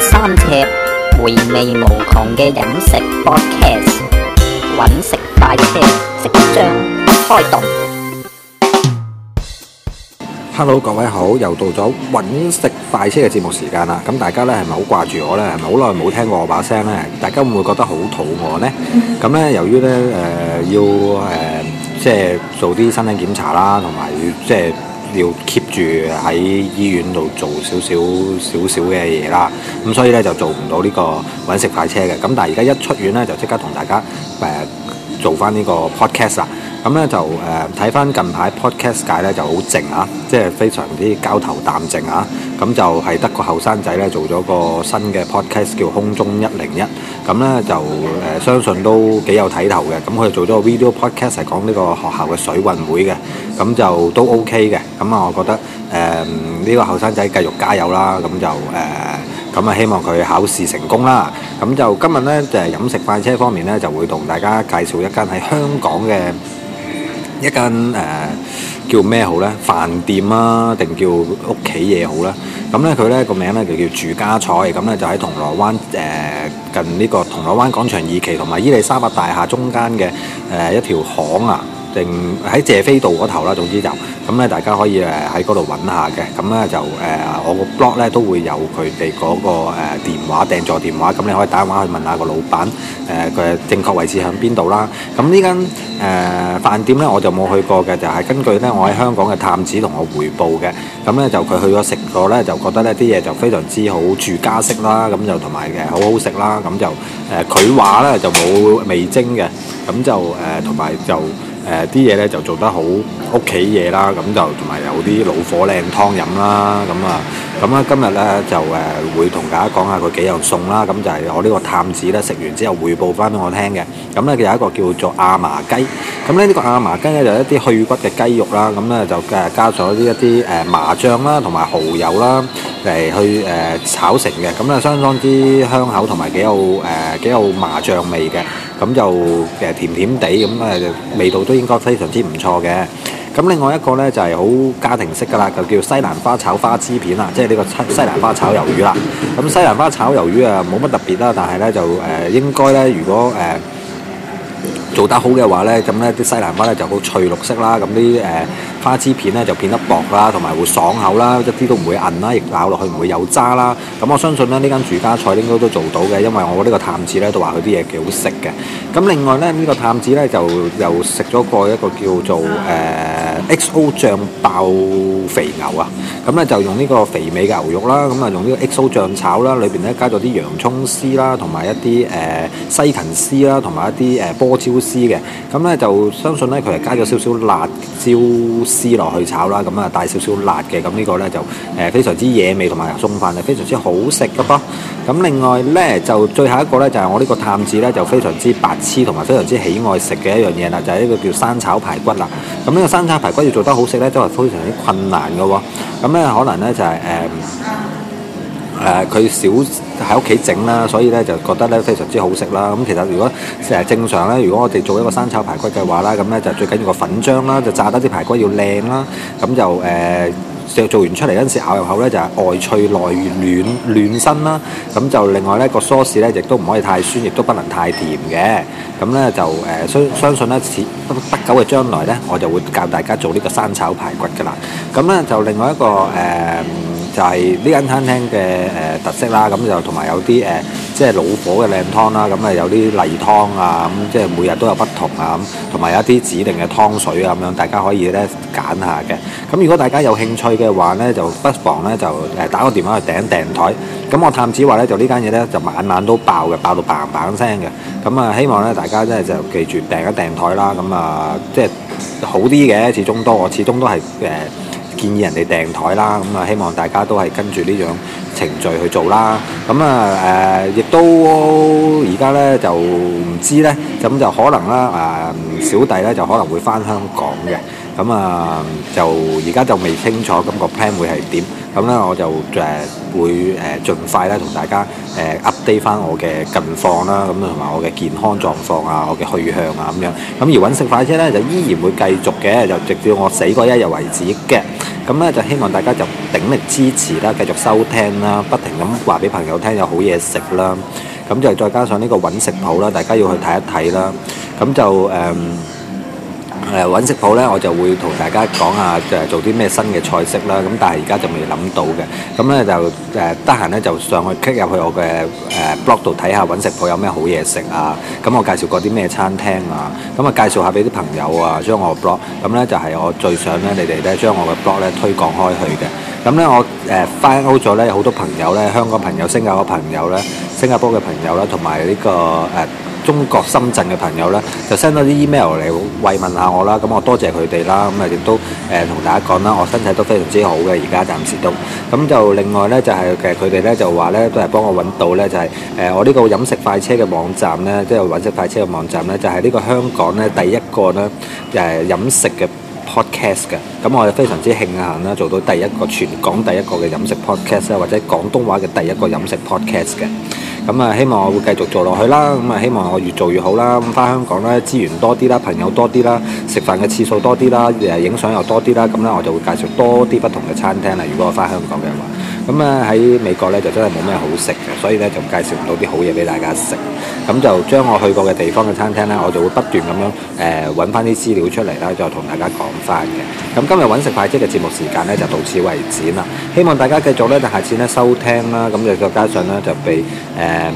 三尺回味無窮嘅飲食 b r o a d 揾食快車即將開動。Hello，各位好，又到咗揾食快車嘅節目時間啦。咁大家咧係咪好掛住我咧？係咪好耐冇聽過我把聲咧？大家會唔會覺得好肚餓咧？咁咧， 由於咧誒要誒、呃、即係做啲身體檢查啦，同埋要即係。要 keep 住喺醫院度做少少少少嘅嘢啦，咁所以咧就做唔到呢、這個揾食快車嘅。咁但係而家一出院咧就即刻同大家誒、呃、做翻呢個 podcast 啦。咁咧就誒睇翻近排 podcast 界咧就好靜啊，即係非常之交頭淡靜啊。咁就係得個後生仔咧做咗個新嘅 podcast 叫《空中一零一》。咁咧就誒、呃、相信都幾有睇頭嘅。咁佢做咗個 video podcast 係講呢個學校嘅水運會嘅。咁就都 OK 嘅。咁啊，我覺得誒呢、呃呢個後生仔繼續加油啦。咁就誒咁啊，希望佢考試成功啦。咁就今日咧就係、飲食快車方面咧就會同大家介紹一間喺香港嘅。一間誒、呃、叫咩好呢？飯店啊，定叫屋企嘢好呢？咁呢，佢呢個名呢，就叫住家菜，咁呢，就喺銅鑼灣誒、呃、近呢個銅鑼灣廣場二期同埋伊利沙伯大廈中間嘅誒、呃、一條巷啊！定喺謝斐道嗰頭啦，總之就咁咧，大家可以誒喺嗰度揾下嘅。咁咧就誒、呃，我個 blog 咧都會有佢哋嗰個誒、呃、電話訂座電話，咁你可以打電話去問下個老闆誒嘅、呃、正確位置喺邊度啦。咁呢間誒、呃、飯店咧，我就冇去過嘅，就係、是、根據咧我喺香港嘅探子同我回報嘅。咁咧就佢去咗食過咧，就覺得呢啲嘢就非常之好，住家式啦，咁就同埋嘅好好食啦，咁就誒佢話咧就冇味精嘅，咁就誒同埋就。呃誒啲嘢咧就做得好屋企嘢啦，咁就同埋有啲老火靚湯飲啦，咁啊，咁啦今日咧就誒會同大家講下佢幾樣餸啦，咁就係我呢個探子咧食完之後彙報翻俾我聽嘅。咁咧佢有一個叫做阿嫲雞，咁咧呢、呢個阿嫲雞咧就係、一啲去骨嘅雞肉啦，咁咧就加上啲一啲誒麻醬啦，同埋蠔油啦嚟去誒、呃、炒成嘅，咁咧相當之香口同埋幾有誒幾有、呃、有麻醬味嘅。咁就誒甜甜地咁啊，味道都應該非常之唔錯嘅。咁另外一個呢，就係、是、好家庭式噶啦，就叫西蘭花炒花枝片啦，即係呢個西西蘭花炒魷魚啦。咁西蘭花炒魷魚啊，冇乜特別啦，但係呢就誒、呃、應該呢，如果誒。呃做得好嘅話呢，咁呢啲西蘭花呢就好翠綠色啦，咁啲誒花枝片呢就片得薄啦，同埋會爽口啦，一啲都唔會韌啦，亦咬落去唔會有渣啦。咁我相信呢呢間住家菜應該都做到嘅，因為我呢個探子呢都話佢啲嘢幾好食嘅。咁另外呢，呢、呢個探子呢就又食咗個一個叫做誒、呃、XO 醬爆肥牛啊。咁咧就用呢個肥美嘅牛肉啦，咁啊用呢個 XO 醬炒啦，裏邊咧加咗啲洋葱絲啦，同埋一啲誒、呃、西芹絲啦，同埋一啲誒、呃、波椒絲嘅。咁、嗯、咧就相信咧佢係加咗少少辣椒絲落去炒啦，咁、嗯、啊帶少少辣嘅。咁、嗯這個、呢個咧就誒非常之惹味同埋餸飯係，非常之好食嘅噃。咁、嗯、另外咧就最後一個咧就係、是、我呢個探子咧就非常之白痴同埋非常之喜愛食嘅一樣嘢啦，就係、是、呢個叫生炒排骨啦。咁、嗯、呢、這個生炒排骨要做得好食咧，都係非常之困難嘅喎。咁咧可能咧就係誒誒佢少喺屋企整啦，所以咧就覺得咧非常之好食啦。咁其實如果誒正常咧，如果我哋做一個生炒排骨嘅話啦，咁咧就最緊要個粉漿啦，就炸得啲排骨要靚啦，咁就。誒、呃。石做完出嚟嗰陣時咬入口咧就係、是、外脆內軟嫩身啦，咁就另外咧個梳士咧亦都唔可以太酸，亦都不能太甜嘅，咁咧就誒相、呃、相信咧，此不久嘅將來咧，我就會教大家做呢個生炒排骨噶啦，咁咧就另外一個誒、呃、就係呢間餐廳嘅誒特色啦，咁就同埋有啲誒。呃即係老火嘅靚湯啦，咁啊有啲例湯啊，咁即係每日都有不同啊，咁同埋一啲指定嘅湯水啊咁樣，大家可以咧揀下嘅。咁如果大家有興趣嘅話咧，就不妨咧就誒打個電話去訂一訂台。咁我探子話咧，就呢間嘢咧就晚晚都爆嘅，爆到嘭嘭聲嘅。咁啊，希望咧大家真係就記住訂一訂台啦。咁啊，即係好啲嘅，始終都我始終都係誒。呃建議人哋訂台啦，咁啊希望大家都係跟住呢種程序去做啦。咁啊誒，亦、呃、都而家咧就唔知咧，咁就可能啦啊、呃，小弟咧就可能會翻香港嘅。咁啊、呃、就而家就未清楚，咁、個 plan 會係點？咁咧我就誒、呃、會誒盡快咧同大家誒。呃低翻我嘅近況啦，咁同埋我嘅健康狀況啊，我嘅去向啊咁樣，咁而揾食快車呢，就依然會繼續嘅，就直至我死嗰一日為止嘅。咁呢，就希望大家就鼎力支持啦，繼續收聽啦，不停咁話俾朋友聽有好嘢食啦。咁就再加上呢個揾食譜啦，大家要去睇一睇啦。咁就誒。嗯誒、嗯、揾食譜呢，我就會同大家講下就誒做啲咩新嘅菜式啦。咁但係而家就未諗到嘅。咁呢就誒得閒呢就上去篩入去我嘅誒 blog 度睇下揾食譜有咩好嘢食啊。咁我介紹過啲咩餐廳啊。咁啊介紹下俾啲朋友啊，將我 blog。咁呢就係我最想呢，你哋呢將我嘅 blog 咧推廣開去嘅。咁呢，我誒 find out 咗呢，好、呃、多朋友呢，香港朋友、新加坡朋友呢，新加坡嘅朋友咧，同埋呢個誒。呃中國深圳嘅朋友咧，就 send 咗啲 email 嚟慰問下我啦，咁我多謝佢哋啦，咁啊亦都誒同、呃、大家講啦，我身體都非常之好嘅，而家暫時都。咁就另外咧，就係、是、其實佢哋咧就話咧都係幫我揾到咧，就係、是、誒、呃、我呢個飲食快車嘅網站咧，即、就、係、是、揾食快車嘅網站咧，就係、是、呢個香港咧第一個咧誒、就是、飲食嘅 podcast 嘅。咁我就非常之慶幸啦，做到第一個全港第一個嘅飲食 podcast 或者廣東話嘅第一個飲食 podcast 嘅。咁啊，希望我會繼續做落去啦。咁啊，希望我越做越好啦。咁翻香港啦，資源多啲啦，朋友多啲啦，食飯嘅次數多啲啦，誒影相又多啲啦。咁咧，我就會介紹多啲不同嘅餐廳啦。如果我翻香港嘅話。咁啊喺美國呢，就真係冇咩好食嘅，所以呢，就介紹唔到啲好嘢俾大家食。咁就將我去過嘅地方嘅餐廳呢，我就會不斷咁樣誒揾翻啲資料出嚟啦，再同大家講翻嘅。咁今日揾食快車嘅節目時間呢，就到此為止啦。希望大家繼續呢，下次呢收聽啦。咁就再加上呢，就被。誒、呃。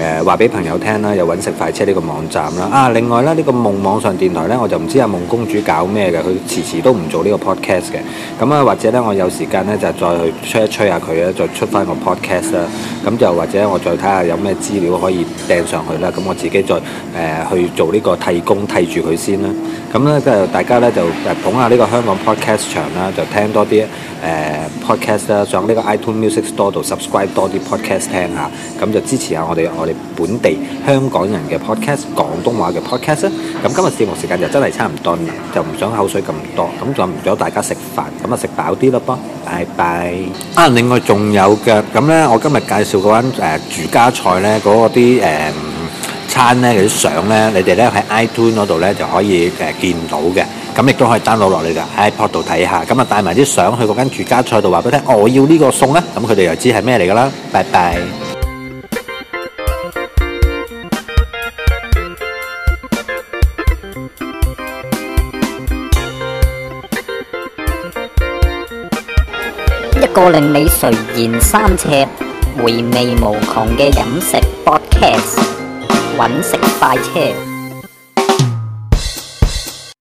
誒話俾朋友聽啦，又揾食快車呢個網站啦。啊，另外呢，呢個夢網上電台呢，我就唔知阿夢公主搞咩嘅，佢遲遲都唔做呢個 podcast 嘅。咁啊，或者呢，我有時間呢，就再去吹一吹下佢啊，再出翻個 podcast 啦。咁就或者我再睇下有咩資料可以掟上去啦。咁我自己再誒、呃、去做呢個替工替住佢先啦。咁呢，就大家呢，就捧下呢個香港 podcast 場啦，就聽多啲。誒、呃、podcast 啦，上呢個 iTunes Music Store 度 subscribe 多啲 podcast 聽下，咁就支持下我哋我哋本地香港人嘅 podcast，廣東話嘅 podcast 啊。咁、嗯、今日節目時間就真係差唔多啦，就唔想口水咁多，咁就唔阻大家食飯，咁啊食飽啲咯噃，拜拜。啊，另外仲有嘅，咁呢，我今日介紹嗰間誒住家菜呢嗰、嗰個啲誒。呃餐咧，佢啲相咧，你哋咧喺 iTunes 嗰度咧就可以誒見到嘅，咁亦都可以 download 落嚟噶，喺 iPod 度睇下，咁啊帶埋啲相去嗰間住家菜度話俾佢聽，我要呢個餸咧，咁佢哋又知係咩嚟噶啦，拜拜。一個令你垂涎三尺、回味無窮嘅飲食 Podcast。揾食快車。